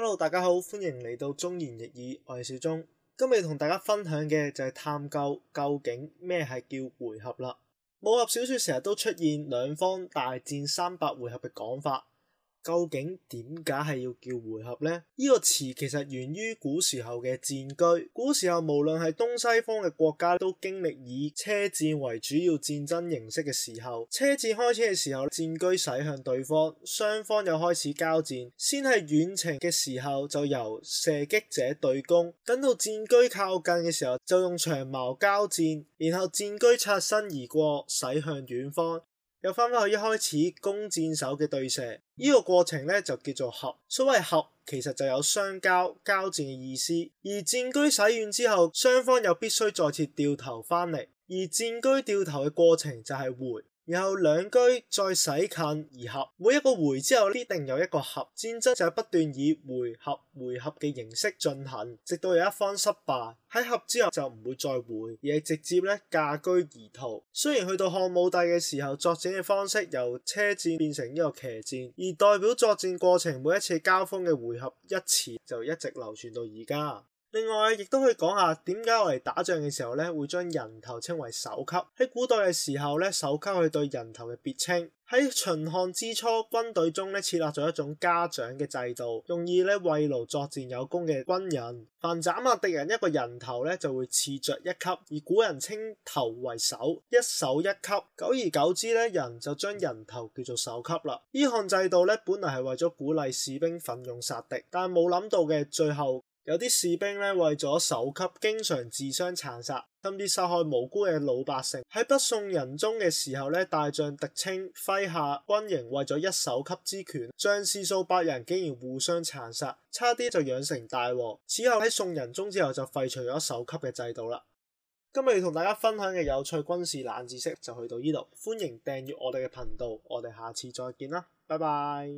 hello，大家好，歡迎嚟到忠言逆耳，我係小鐘，今日要同大家分享嘅就係探究究竟咩係叫回合啦。武俠小說成日都出現兩方大戰三百回合嘅講法。究竟點解係要叫回合呢？呢、呢個詞其實源於古時候嘅戰車。古時候無論係東西方嘅國家，都經歷以車戰為主要戰爭形式嘅時候。車戰開車嘅時候，戰車駛向對方，雙方又開始交戰。先係遠程嘅時候，就由射擊者對攻；等到戰車靠近嘅時候，就用長矛交戰，然後戰車擦身而過，駛向遠方。又翻返去一開始弓箭手嘅對射，呢、這個過程咧就叫做合。所謂合，其實就有相交交戰嘅意思。而戰車使完之後，雙方又必須再次掉頭翻嚟，而戰車掉頭嘅過程就係回。然後兩車再駛近而合，每一個回之後必定有一個合。戰爭就係不斷以回合回合嘅形式進行，直到有一方失敗喺合之後就唔會再回，而係直接呢駕車而逃。雖然去到漢武帝嘅時候，作戰嘅方式由車戰變成呢個騎戰，而代表作戰過程每一次交鋒嘅回合一詞，就一直流傳到而家。另外，亦都可以講下點解我哋打仗嘅時候咧，會將人頭稱為首級。喺古代嘅時候咧，首級係對人頭嘅別稱。喺秦漢之初，軍隊中咧設立咗一種嘉獎嘅制度，用意咧慰勞作戰有功嘅軍人。凡斬下敵人一個人頭咧，就會賜爵一級。而古人稱頭為首，一首一級。久而久之咧，人就將人頭叫做首級啦。呢項制度咧，本嚟係為咗鼓勵士兵奮勇殺敵，但係冇諗到嘅最後。有啲士兵咧，為咗首級，經常自相殘殺，甚至殺害無辜嘅老百姓。喺北宋仁宗嘅時候咧，大將狄青麾下軍營為咗一首級之權，將士數百人竟然互相殘殺，差啲就養成大禍。此後喺宋仁宗之後就廢除咗首級嘅制度啦。今日要同大家分享嘅有趣軍事冷知識就去到呢度，歡迎訂閱我哋嘅頻道，我哋下次再見啦，拜拜。